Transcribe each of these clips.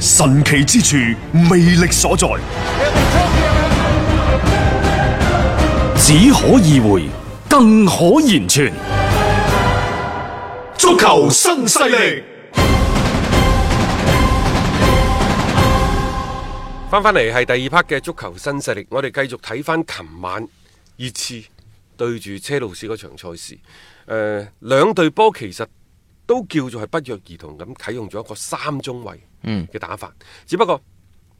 神奇之處，魅力所在，只可意會，更可言傳。足球新勢力，翻返嚟係第二 part 嘅足球新勢力，我哋繼續睇翻琴晚熱刺對住車路士嗰場賽事。誒、呃，兩隊波其實都叫做係不約而同咁啟用咗一個三中衛。嗯嘅打法，只不過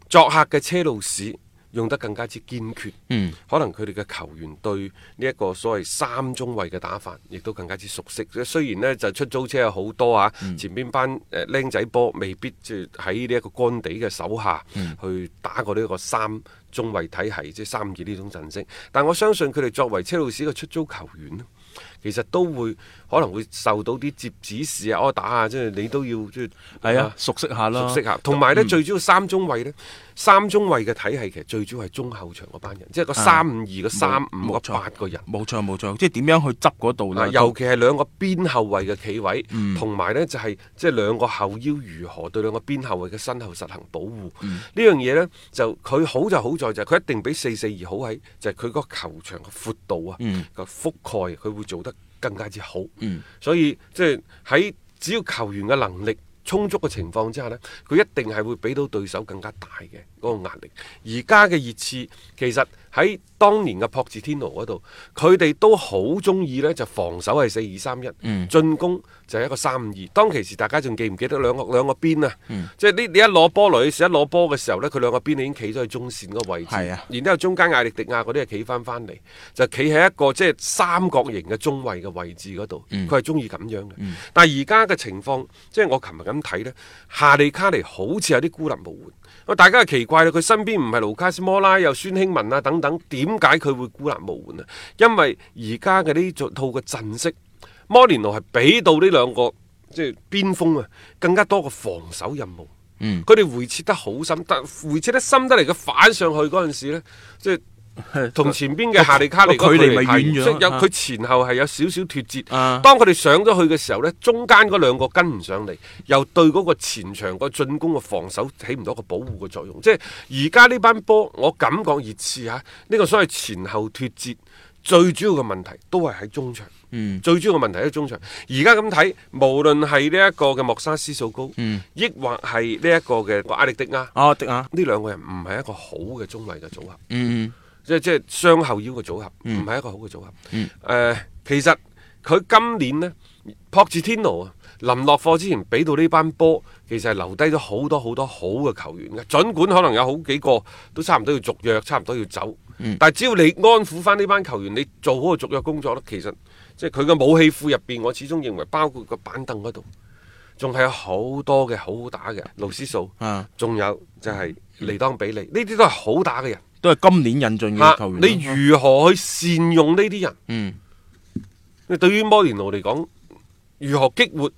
作客嘅車路士用得更加之堅決。嗯，可能佢哋嘅球員對呢一個所謂三中衛嘅打法，亦都更加之熟悉。雖然呢就出租車有好多啊，嗯、前邊班誒僆仔波未必即係喺呢一個干地嘅手下去打過呢一個三中衛體系，即係三二呢種陣式。但我相信佢哋作為車路士嘅出租球員其實都會可能會受到啲接指示啊、柯打啊，即係你都要即係係啊，熟悉下咯，熟悉下。同埋呢，最主要三中衛呢，三中衛嘅體係其實最主要係中後場嗰班人，即係個三五二個三五八個人。冇錯，冇錯。即係點樣去執嗰度呢？尤其係兩個邊後衛嘅企位，同埋呢，就係即係兩個後腰如何對兩個邊後衛嘅身後實行保護呢樣嘢呢，就佢好就好在就佢一定比四四二好喺，就係佢個球場嘅闊度啊，個覆蓋佢。會做得更加之好，嗯、所以即係喺只要球員嘅能力充足嘅情況之下咧，佢一定係會俾到對手更加大嘅。嗰個壓力，而家嘅熱刺其實喺當年嘅朴智天奴嗰度，佢哋都好中意呢。就防守係四二三一，進攻就係一個三五二。當其時大家仲記唔記得兩個兩個邊啊？嗯、即係你你一攞波女，你一攞波嘅時候呢，佢兩個邊已經企咗喺中線個位置，啊、然之後中間艾力迪亞嗰啲係企翻翻嚟，就企喺一個即係三角形嘅中位嘅位置嗰度，佢係中意咁樣嘅。嗯、但係而家嘅情況，即係我琴日咁睇呢，夏利卡尼好似有啲孤立無援。大家奇怪啦，佢身邊唔係盧卡斯摩拉又孫興文啊等等，點解佢會孤立無援啊？因為而家嘅呢一套嘅陣式，摩連奴係俾到呢兩個即係、就是、邊鋒啊，更加多嘅防守任務。佢哋、嗯、回撤得好深，得回撤得深得嚟嘅反上去嗰陣時咧，即、就、係、是。同前邊嘅夏利卡嚟個那那距離咪遠咗？即係有佢前後係有少少脱節。啊、當佢哋上咗去嘅時候呢，中間嗰兩個跟唔上嚟，又對嗰個前場個進攻個防守起唔到一個保護嘅作用。即係而家呢班波，我感覺熱刺嚇呢個所謂前後脱節最主要嘅問題都係喺中場。最主要嘅問題喺中場。而家咁睇，無論係呢一個嘅莫沙斯數高，抑、嗯、或係呢一個嘅阿力迪亞，迪亞呢兩個人唔係一個好嘅中衞嘅組合。嗯嗯。即係即係雙後腰嘅組合，唔係、嗯、一個好嘅組合。誒、嗯呃，其實佢今年呢，普捷天奴啊！臨落課之前俾到呢班波，其實係留低咗好多好多好嘅球員嘅。儘管可能有好幾個都差唔多要續約，差唔多要走，嗯、但係只要你安撫翻呢班球員，你做好個續約工作咧，其實即係佢嘅武器庫入邊，我始終認為包括個板凳嗰度，仲係有好多嘅好打嘅。勞斯素，仲、嗯、有就係利當比利，呢啲都係好打嘅人。都係今年引進嘅球員。啊，你如何去善用呢啲人？嗯，你對於摩連奴嚟講，如何激活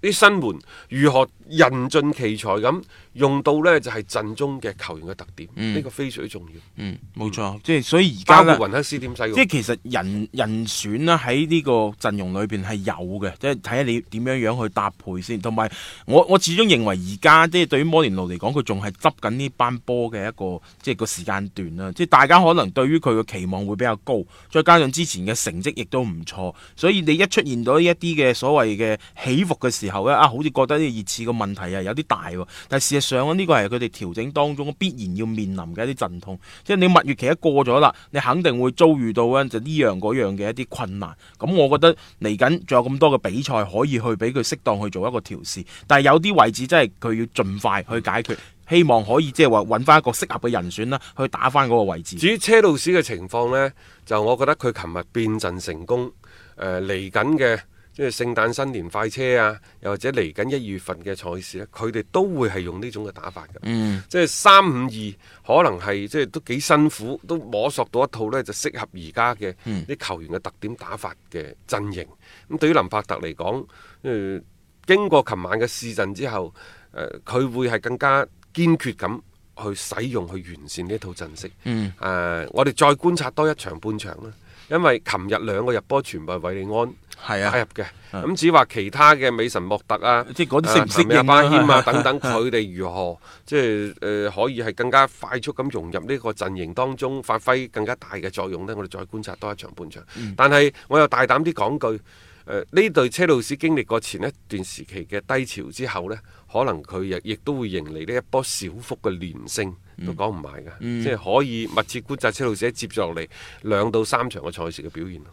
啲新援？如何？人盡其才咁用到咧，就係、是、陣中嘅球員嘅特點呢、嗯、個非常之重要。嗯，冇錯，嗯、即係所以而家包括雲克斯點細，即係其實人人選啦，喺呢個陣容裏邊係有嘅，即係睇下你點樣樣去搭配先。同埋我我始終認為而家即係對於摩連奴嚟講，佢仲係執緊呢班波嘅一個即係個時間段啦。即係大家可能對於佢嘅期望會比較高，再加上之前嘅成績亦都唔錯，所以你一出現到一啲嘅所謂嘅起伏嘅時候咧，啊，好似覺得呢熱刺咁。問題啊，有啲大喎，但係事實上呢個係佢哋調整當中必然要面臨嘅一啲陣痛，即係你蜜月期一過咗啦，你肯定會遭遇到呢就呢樣嗰樣嘅一啲困難。咁我覺得嚟緊仲有咁多嘅比賽可以去俾佢適當去做一個調試，但係有啲位置真係佢要盡快去解決，希望可以即係話揾翻一個適合嘅人選啦，去打翻嗰個位置。至於車路士嘅情況呢，就我覺得佢琴日變陣成功，誒嚟緊嘅。即係聖誕新年快車啊，又或者嚟緊一月份嘅賽事咧、啊，佢哋都會係用呢種嘅打法嘅、嗯。即係三五二可能係即係都幾辛苦，都摸索到一套呢就適合而家嘅啲球員嘅特點打法嘅陣型。咁、嗯、對於林發特嚟講，誒、呃、經過琴晚嘅試陣之後，誒、呃、佢會係更加堅決咁去使用去完善呢一套陣式。嗯，呃、我哋再觀察多一場半場啦。因為琴日兩個入波全部係維利安加入嘅，咁、啊嗯、只話其他嘅，美神莫特啊，即係啲識唔識啊，巴謙啊，啊，啊等等，佢哋 如何即係誒可以係更加快速咁融入呢個陣營當中，發揮更加大嘅作用呢？我哋再觀察多一場半場。嗯、但係我又大膽啲講句，誒呢隊車路士經歷過前一段時期嘅低潮之後呢，可能佢亦亦都會迎嚟呢一波小幅嘅連勝。都講唔埋㗎，嗯嗯、即係可以密切觀察車路士接續落嚟，兩到三場嘅賽事嘅表現咯。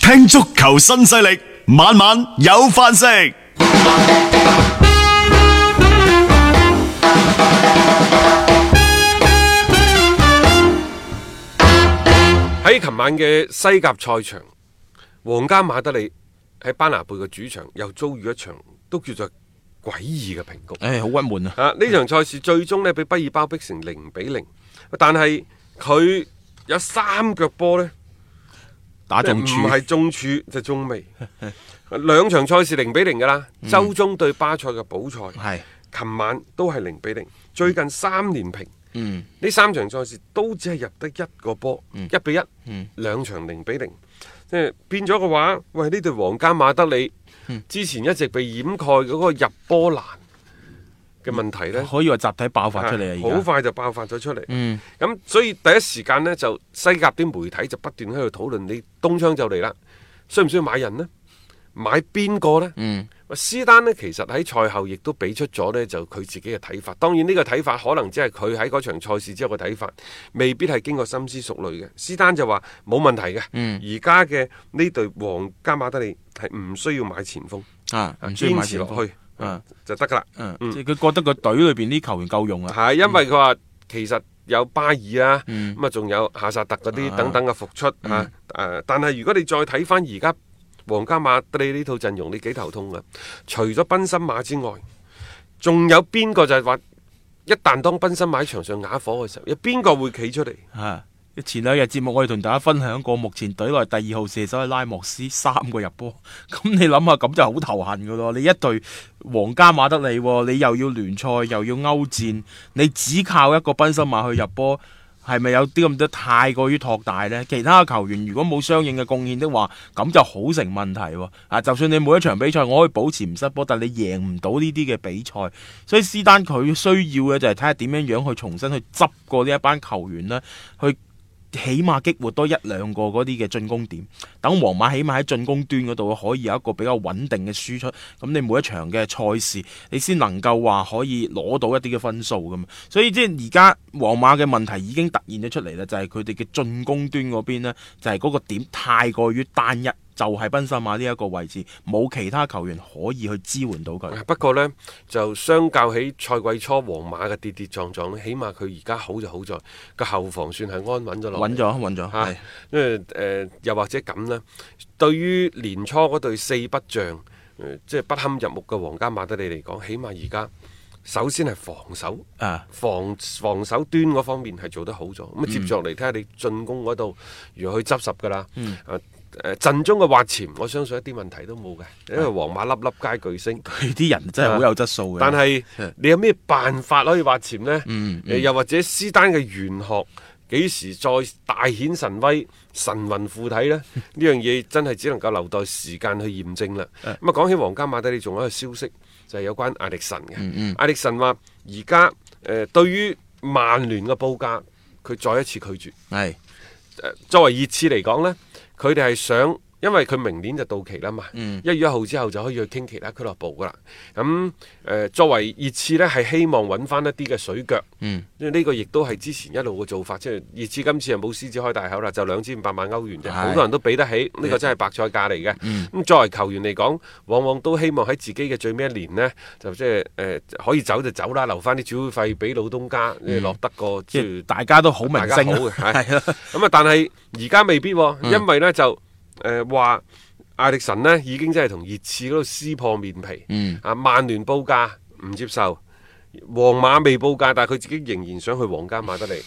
聽足球新勢力，飯 晚晚有飯食。喺琴晚嘅西甲賽場，皇家馬德里喺班拿貝嘅主場又遭遇一場都叫做。詭異嘅平局，誒，好鬱悶啊！啊，呢場賽事最終呢，俾畢爾包逼成零比零，但係佢有三腳波呢，打中，唔係中柱就是，中楣。 兩場賽事零比零噶啦，周中對巴塞嘅補賽，係、嗯，琴晚都係零比零是，最近三連平，嗯，呢三場賽事都只係入得一個波，一比一，嗯，1, 兩場零比零，即係、嗯、場變咗嘅話，喂，呢隊皇家馬德里。之前一直被掩蓋嗰個入波難嘅問題呢、嗯、可以話集體爆發出嚟，好快就爆發咗出嚟。嗯，咁所以第一時間呢，就西甲啲媒體就不斷喺度討論，你冬窗就嚟啦，需唔需要買人呢？買邊個呢？嗯。施丹呢，其實喺賽後亦都俾出咗呢，就佢自己嘅睇法。當然呢個睇法可能只係佢喺嗰場賽事之後嘅睇法，未必係經過深思熟慮嘅。施丹就話冇問題嘅，而家嘅呢隊皇家馬德里係唔需要買前鋒啊，鋒堅持落去、啊啊、就得㗎喇。啊嗯、即係佢覺得個隊裏邊啲球員夠用啊。係是，嗯、因為佢話其實有巴爾啊，咁啊仲有夏薩特嗰啲等等嘅復出啊。誒、啊，但係如果你再睇返而家。皇家馬德里呢套陣容你幾頭痛噶？除咗賓森馬之外，仲有邊個就係話，一旦當賓森馬喺場上啞火嘅時候，有邊個會企出嚟？吓，前兩日節目我哋同大家分享過，目前隊內第二號射手係拉莫斯，三個入波。咁你諗下，咁就好頭痕噶咯。你一隊皇家馬德里，你又要聯賽又要歐戰，你只靠一個賓森馬去入波。係咪有啲咁多太過於托大呢？其他球員如果冇相應嘅貢獻的話，咁就好成問題喎。啊，就算你每一場比賽我可以保持唔失波，但你贏唔到呢啲嘅比賽，所以斯丹佢需要嘅就係睇下點樣樣去重新去執過呢一班球員呢。去。起碼激活多一兩個嗰啲嘅進攻點，等皇馬起碼喺進攻端嗰度可以有一個比較穩定嘅輸出。咁你每一場嘅賽事，你先能夠話可以攞到一啲嘅分數，咁啊。所以即係而家皇馬嘅問題已經凸現咗出嚟啦，就係佢哋嘅進攻端嗰邊咧，就係、是、嗰個點太過於單一。就係賓斯馬呢一個位置，冇其他球員可以去支援到佢。不過呢，就相較起賽季初皇馬嘅跌跌撞撞，起碼佢而家好就好在個後防算係安穩咗落。穩咗，穩咗是因為誒、呃，又或者咁呢，對於年初嗰隊四不像、呃，即係不堪入目嘅皇家馬德里嚟講，起碼而家首先係防守，啊、防防守端嗰方面係做得好咗。咁、嗯、接著嚟睇下你進攻嗰度如何執拾㗎啦。嗯誒，陣中嘅挖潛，我相信一啲問題都冇嘅，因為皇馬粒粒皆巨星，佢啲人真係好有質素嘅。但係你有咩辦法可以挖潛呢？又或者斯丹嘅玄學幾時再大顯神威，神魂附體呢？呢樣嘢真係只能夠留待時間去驗證啦。咁啊，講起皇家馬德里，仲有一個消息就係有關艾歷臣嘅。艾歷臣話而家誒，對於曼聯嘅報價，佢再一次拒絕。係作為熱刺嚟講呢。佢哋係想。因為佢明年就到期啦嘛，一月一號之後就可以去傾其他俱樂部噶啦。咁誒作為熱刺呢，係希望揾翻一啲嘅水腳，因為呢個亦都係之前一路嘅做法。即係熱刺今次係冇獅子開大口啦，就兩千五百萬歐元啫，好多人都俾得起。呢個真係白菜價嚟嘅。咁作為球員嚟講，往往都希望喺自己嘅最尾一年呢，就即係誒可以走就走啦，留翻啲轉會費俾老東家，你、嗯嗯、落得個即大家都大家好明星。咁啊，但係而家未必、啊，因為咧就。誒話艾歷臣呢，已經真係同熱刺嗰度撕破面皮，嗯、啊，曼聯報價唔接受。皇馬未報價，但係佢自己仍然想去皇家馬德里。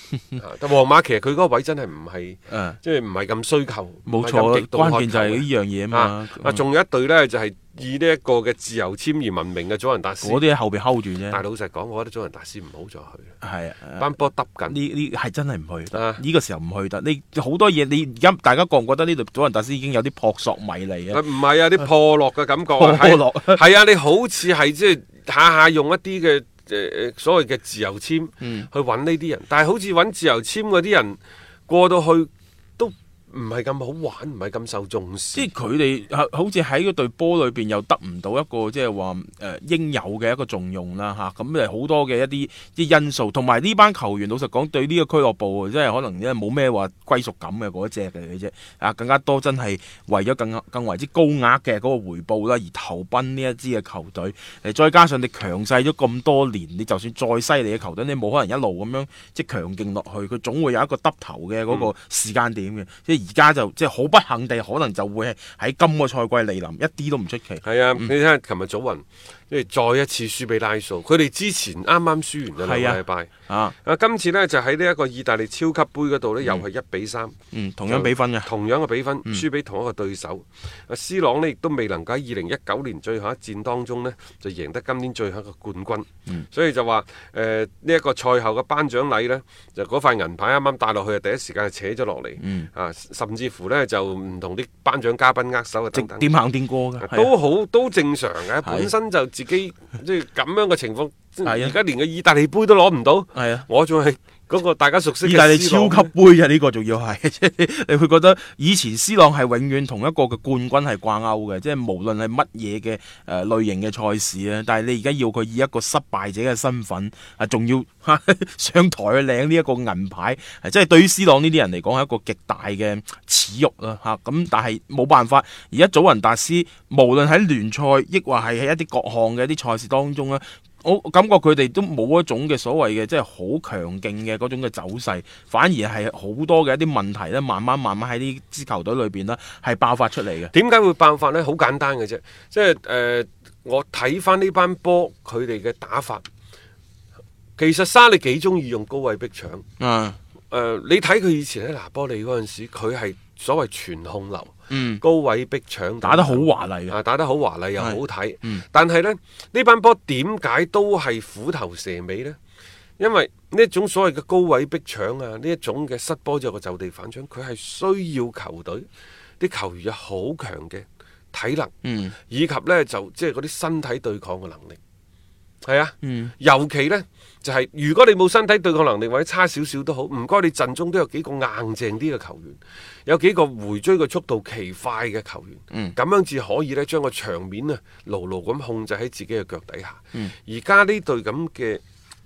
但皇馬其實佢嗰個位真係唔係，即係唔係咁需求。冇錯，關鍵就係呢樣嘢啊嘛。仲有一隊呢，就係以呢一個嘅自由簽而聞名嘅祖雲達斯。我哋喺後邊 hold 住啫。但老實講，我覺得祖雲達斯唔好再去。班波耷緊呢，呢係真係唔去得。呢個時候唔去得。你好多嘢，你大家覺唔覺得呢度祖雲達斯已經有啲撲朔迷離啊？唔係啊，啲破落嘅感覺。破落係啊，你好似係即係下下用一啲嘅。誒誒，所謂嘅自由簽，去揾呢啲人，但係好似揾自由簽嗰啲人過到去。唔係咁好玩，唔係咁受重視，即係佢哋好似喺嗰隊波裏邊又得唔到一個即係話誒應有嘅一個重用啦吓，咁誒好多嘅一啲即係因素，同埋呢班球員老實講對呢個俱樂部即係可能咧冇咩話歸屬感嘅嗰一隻嘅啫。啊，更加多真係為咗更更為之高額嘅嗰個回報啦，而投奔呢一支嘅球隊，誒再加上你強勢咗咁多年，你就算再犀利嘅球隊，你冇可能一路咁樣即係強勁落去。佢總會有一個耷頭嘅嗰個時間點嘅。嗯、即而家就即係好不幸地，可能就會喺今個賽季嚟臨，一啲都唔出奇。係啊，你睇下琴日早雲。再一次輸俾拉素，佢哋之前啱啱輸完一兩個禮拜，啊，今次呢，就喺呢一個意大利超級杯嗰度呢又係一比三，同樣比分嘅，同樣嘅比分，輸俾同一個對手。C 朗咧亦都未能夠喺二零一九年最後一戰當中呢就贏得今年最後一個冠軍，所以就話誒呢一個賽後嘅頒獎禮呢，就嗰塊銀牌啱啱帶落去啊，第一時間就扯咗落嚟，啊，甚至乎呢就唔同啲頒獎嘉賓握手啊等等，點行點過㗎？都好都正常嘅，本身就。 自己即係咁樣嘅情況，而家 連個意大利杯都攞唔到， 我仲係。嗰個大家熟悉意大利超級杯啊！呢個仲要係， 你會覺得以前斯朗係永遠同一個嘅冠軍係掛鈎嘅，即係無論係乜嘢嘅誒類型嘅賽事啊。但係你而家要佢以一個失敗者嘅身份啊，仲要上台去領呢一個銀牌，即係對於斯朗呢啲人嚟講係一個極大嘅恥辱啦！嚇咁，但係冇辦法。而家祖雲達斯無論喺聯賽，亦或係喺一啲各項嘅一啲賽事當中咧。我感覺佢哋都冇一種嘅所謂嘅，即係好強勁嘅嗰種嘅走勢，反而係好多嘅一啲問題咧，慢慢慢慢喺呢支球隊裏邊呢，係爆發出嚟嘅。點解會爆發呢？好簡單嘅啫，即係誒，我睇翻呢班波佢哋嘅打法，其實沙利幾中意用高位逼搶。嗯，誒、呃，你睇佢以前喺拿波利嗰陣時，佢係所謂全控流。嗯，高位逼搶打得好華麗啊，打得好華麗又好睇。嗯，但係呢呢班波點解都係虎頭蛇尾呢？因為呢一種所謂嘅高位逼搶啊，呢一種嘅失波之後嘅就地反搶，佢係需要球隊啲球員有好強嘅體能，嗯，以及呢就即係嗰啲身體對抗嘅能力。係啊，嗯、尤其呢，就係、是、如果你冇身體對抗能力或者差少少都好，唔該你陣中都有幾個硬淨啲嘅球員，有幾個回追嘅速度奇快嘅球員，咁、嗯、樣至可以咧將個場面啊牢牢咁控制喺自己嘅腳底下。而家呢隊咁嘅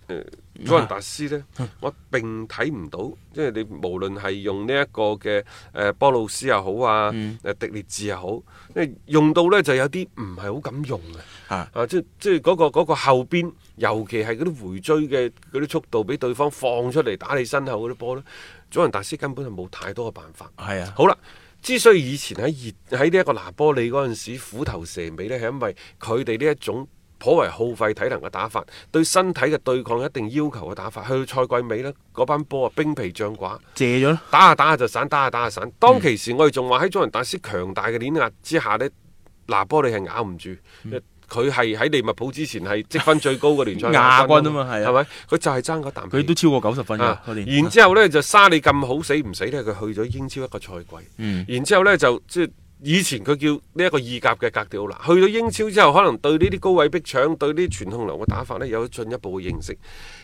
誒祖雲達斯呢，啊、我並睇唔到，即係你無論係用呢一個嘅誒、呃、波魯斯又好啊、嗯呃，迪列治又好，因為用到呢就有啲唔係好敢用嘅，啊，啊，即係即係嗰、嗰個嗰、嗰個後邊，尤其係嗰啲回追嘅嗰啲速度，俾對方放出嚟打你身後嗰啲波呢。祖雲達斯根本就冇太多嘅辦法。係啊，好啦，之所以以前喺熱喺呢一個拿波利嗰陣時虎頭蛇尾呢，係因為佢哋呢一種。頗為耗費體能嘅打法，對身體嘅對抗有一定要求嘅打法。去到賽季尾呢，嗰班波啊兵疲將寡，借咗了打下打下就散，打下打下散。當其時我哋仲話喺祖雲達斯強大嘅碾壓之下呢，拿波里係咬唔住，佢係喺利物浦之前係積分最高嘅聯賽亞軍啊嘛，係咪 啦？佢、嗯、就係爭嗰啖。佢都超過九十分、啊、年然之後咧就沙利咁好死唔死咧，佢去咗英超一個賽季。嗯、然之後咧就即係。就是以前佢叫呢一個意甲嘅格調啦，去到英超之後，可能對呢啲高位逼搶、對呢啲傳控流嘅打法呢有進一步嘅認識。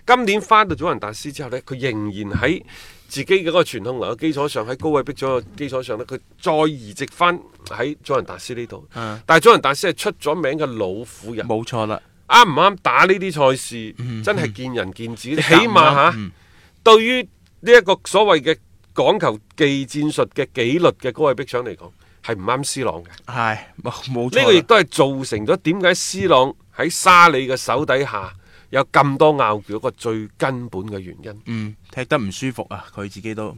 今年翻到祖雲達斯之後呢，佢仍然喺自己嘅嗰個傳控流嘅基礎上，喺高位逼搶嘅基礎上呢，佢再移植翻喺祖雲達斯呢度。啊、但係祖雲達斯係出咗名嘅老虎人，冇錯啦。啱唔啱打呢啲賽事，嗯嗯、真係見仁見智。起碼吓，對於呢一個所謂嘅講求技戰術嘅紀律嘅高位逼搶嚟講。係唔啱 C 朗嘅，係冇錯，呢個亦都係造成咗點解 C 朗喺沙里嘅手底下有咁多拗撬，一個最根本嘅原因。嗯，踢得唔舒服啊，佢自己都嗱、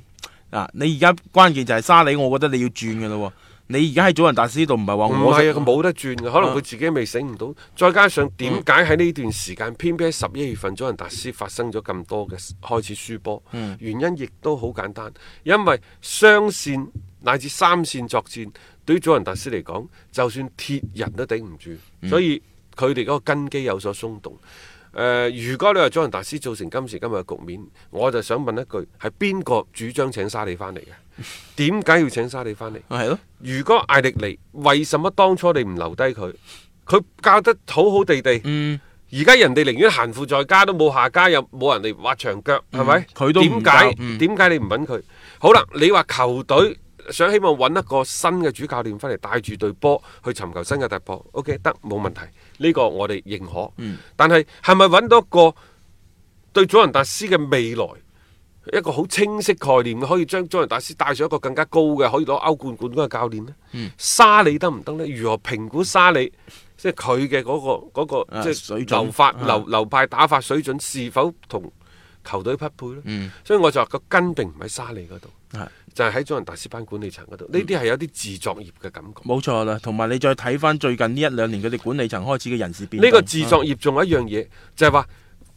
嗯啊。你而家關鍵就係沙里，我覺得你要轉嘅咯。嗯、你而家喺祖雲達斯度唔係話我係啊，佢冇、啊、得轉嘅，可能佢自己未醒唔到。再加上點解喺呢段時間、嗯、偏偏喺十一月份祖雲達斯發生咗咁多嘅開始輸波？嗯、原因亦都好簡單，因為雙線。乃至三線作戰，對於祖雲達斯嚟講，就算鐵人都頂唔住，所以佢哋嗰個根基有所鬆動。誒、呃，如果你話祖雲達斯造成今時今日嘅局面，我就想問一句：係邊個主張請沙里翻嚟嘅？點解要請沙里翻嚟？係咯的。如果艾迪尼，為什麼當初你唔留低佢？佢教得好好地地，而、嗯、家人哋寧願閒富在家都冇下家，又冇人哋挖牆腳，係咪？佢點解？點解、嗯、你唔揾佢？好啦，你話球隊。想希望揾一個新嘅主教練翻嚟帶住隊波去尋求新嘅突破，OK 得冇問題，呢、這個我哋認可。但係係咪揾到一個對祖雲達斯嘅未來一個好清晰概念可以將祖雲達斯帶上一個更加高嘅，可以攞歐冠冠軍嘅教練呢？嗯、沙利得唔得呢？如何評估沙利？即係佢嘅嗰個、那個即係、啊、流流發的流派打法水準是否同球隊匹配呢？嗯、所以我就話個根并唔喺沙利嗰度。就係喺祖雲達斯班管理層嗰度，呢啲係有啲自作業嘅感覺。冇、嗯、錯啦，同埋你再睇翻最近呢一兩年佢哋管理層開始嘅人事變。呢個自作業仲有一樣嘢，嗯、就係話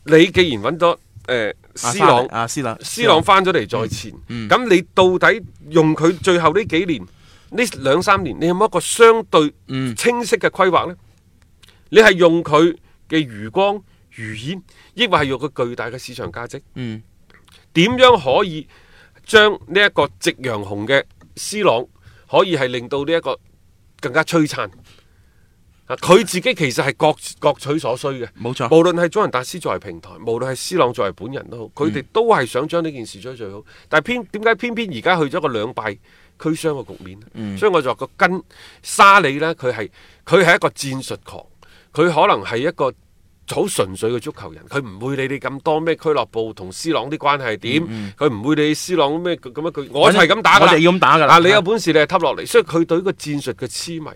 你既然揾咗誒 C 朗，阿、啊、朗，C 朗翻咗嚟在前，咁、嗯嗯、你到底用佢最後呢幾年呢兩三年，你有冇一個相對清晰嘅規劃呢？嗯、你係用佢嘅餘光餘顯，抑或係用佢巨大嘅市場價值？嗯，點樣可以？將呢一個夕陽紅嘅 C 朗可以係令到呢一個更加璀璨。啊，佢自己其實係各各取所需嘅，冇錯錯。無論係祖雲達斯作為平台，無論係 C 朗作為本人都好，佢哋都係想將呢件事做得最好。但係偏點解偏偏而家去咗個兩敗俱傷嘅局面，嗯、所以我就話個根沙里呢，佢係佢係一個戰術狂，佢可能係一個。好純粹嘅足球人，佢唔會理你咁多咩俱樂部同 C 朗啲關係點，佢唔、嗯、會理 C 朗咩，咁佢我係咁打，我哋要咁打㗎啦、啊。你有本事你係揼落嚟，所以佢對呢個戰術嘅痴迷。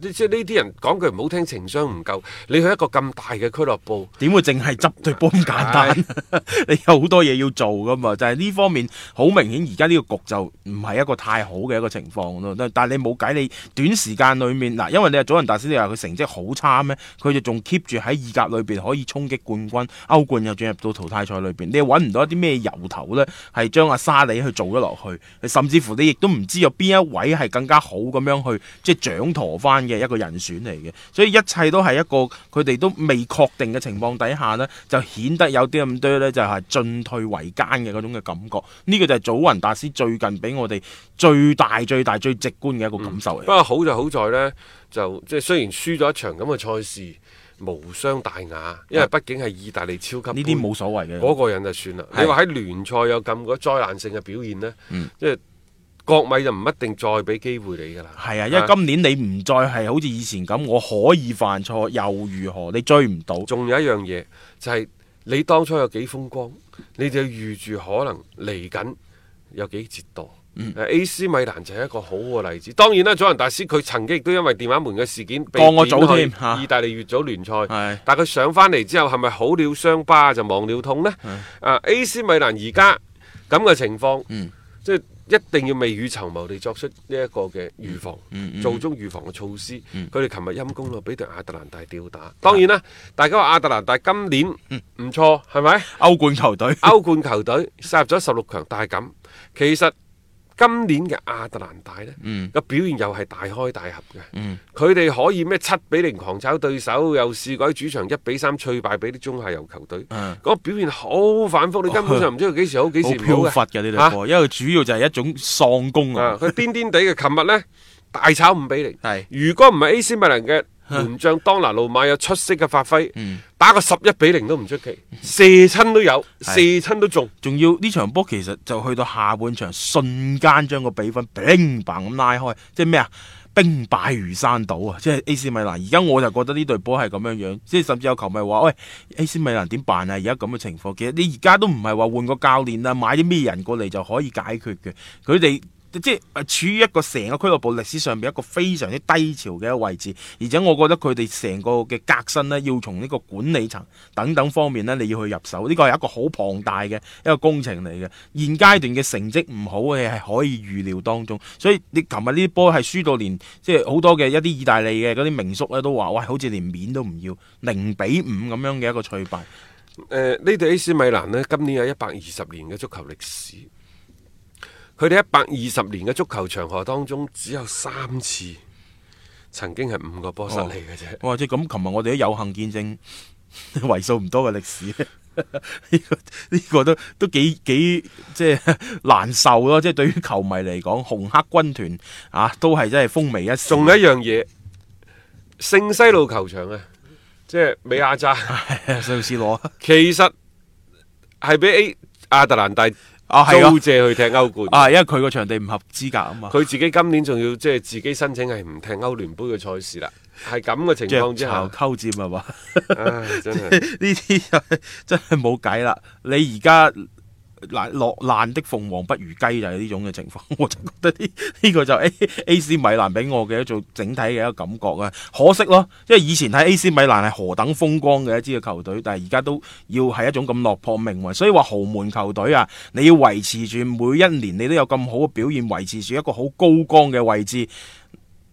即係呢啲人講句唔好聽，情商唔夠。你去一個咁大嘅俱樂部，點會淨係執隊波咁簡單？的 你有好多嘢要做㗎嘛，就係、是、呢方面好明顯。而家呢個局就唔係一個太好嘅一個情況咯。但係你冇計，你短時間裡面嗱，因為你阿祖雲達斯你話佢成績好差咩？佢就仲 keep 住喺意甲裏。裏邊可以衝擊冠軍，歐冠又進入到淘汰賽裏邊，你又搵唔到一啲咩由頭呢？係將阿沙里去做咗落去，甚至乎你亦都唔知有邊一位係更加好咁樣去即係掌舵翻嘅一個人選嚟嘅，所以一切都係一個佢哋都未確定嘅情況底下呢，就顯得有啲咁多呢，就係進退維艱嘅嗰種嘅感覺。呢、這個就係祖雲達斯最近俾我哋最大、最大、最直觀嘅一個感受嚟、嗯。不過好就好在呢，嗯、就即係雖然輸咗一場咁嘅賽事。無傷大雅，因為畢竟係意大利超級杯。呢啲冇所謂嘅，嗰個人就算啦。啊、你話喺聯賽有咁個災難性嘅表現呢，即係、嗯、國米就唔一定再俾機會你㗎啦。係啊，啊，因為今年你唔再係好似以前咁，我可以犯錯又如何？你追唔到。仲有一樣嘢就係、是、你當初有幾風光，啊、你就預住可能嚟緊有幾折墮。AC 米蘭就係一個好好嘅例子。當然啦，祖雲達斯佢曾經亦都因為電話門嘅事件被免去意大利乙組聯賽。係，但係佢上翻嚟之後，係咪好了傷疤就忘了痛呢？啊，A.C. 米蘭而家咁嘅情況，即係一定要未雨綢繆地作出呢一個嘅預防，做足預防嘅措施。佢哋琴日陰功咯，俾對亞特蘭大吊打。當然啦，大家話亞特蘭大今年唔錯，係咪？歐冠球隊，歐冠球隊殺入咗十六強，但係咁其實。今年嘅亞特蘭大呢個表現又係大開大合嘅。佢哋可以咩七比零狂炒對手，又試過喺主場一比三脆敗俾啲中下游球隊。個表現好反覆，你根本上唔知道幾時好幾時唔好嘅。因為主要就係一種喪功啊，佢癲癲哋嘅。琴日呢？大炒五比零，如果唔係 AC 米蘭嘅。門將當拿路馬有出色嘅發揮，嗯、打個十一比零都唔出奇，射親都有，嗯、射親都中，仲要呢場波其實就去到下半場瞬間將個比分乒乓咁拉開，即係咩啊？兵敗如山倒啊！即係 AC 米蘭，而家我就覺得呢隊波係咁樣樣，即係甚至有球迷話喂 AC 米蘭點辦啊？而家咁嘅情況，其實你而家都唔係話換個教練啊，買啲咩人過嚟就可以解決嘅，佢哋。即係處於一個成個俱樂部歷史上面一個非常之低潮嘅位置，而且我覺得佢哋成個嘅革新呢，要從呢個管理層等等方面呢，你要去入手，呢個係一個好龐大嘅一個工程嚟嘅。現階段嘅成績唔好嘅係可以預料當中，所以你琴日呢波係輸到連即係好多嘅一啲意大利嘅嗰啲名宿咧都話：喂，好似連面都唔要，零比五咁樣嘅一個脆敗。誒、呃，呢隊 AC 米蘭呢，今年有一百二十年嘅足球歷史。佢哋一百二十年嘅足球長河當中，只有三次曾經係五個波塞利嘅啫。哇，即咁，琴日我哋都有幸見證，呵呵為數唔多嘅歷史。呢、這個這個都都幾幾即係難受咯，即係對於球迷嚟講，紅黑軍團啊都係真係風靡一時。仲有一樣嘢，聖西路球場啊，即係美亞扎，聖斯羅。是是其實係比 A 亞特蘭大。啊，租借去踢歐冠啊，因為佢個場地唔合資格啊嘛。佢自己今年仲要即係、就是、自己申請係唔踢歐聯杯嘅賽事啦。係咁嘅情況之下，潮溝佔係嘛？唉，真係呢啲真係冇計啦！你而家。難落難的鳳凰不如雞就係呢種嘅情況，我就覺得呢呢、這個就 A C 米蘭俾我嘅一種整體嘅一個感覺啊，可惜咯，因為以前睇 A C 米蘭係何等風光嘅一支嘅球隊，但係而家都要係一種咁落魄命運，所以話豪門球隊啊，你要維持住每一年你都有咁好嘅表現，維持住一個好高光嘅位置，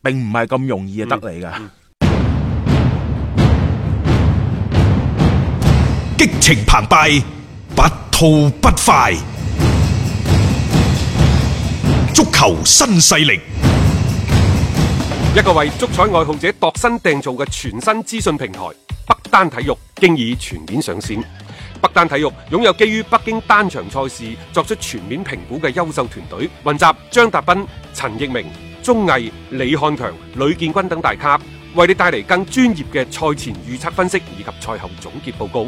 並唔係咁容易就得嚟噶。激情澎湃，嗯 速不快？足球新勢力，一個為足彩愛好者度身訂造嘅全新資訊平台——北單體育，經已全面上線。北單體育擁有基於北京單場賽事作出全面評估嘅優秀團隊，雲集張達斌、陳奕明、鐘毅、李漢強、呂建軍等大咖，為你帶嚟更專業嘅賽前預測分析以及賽後總結報告。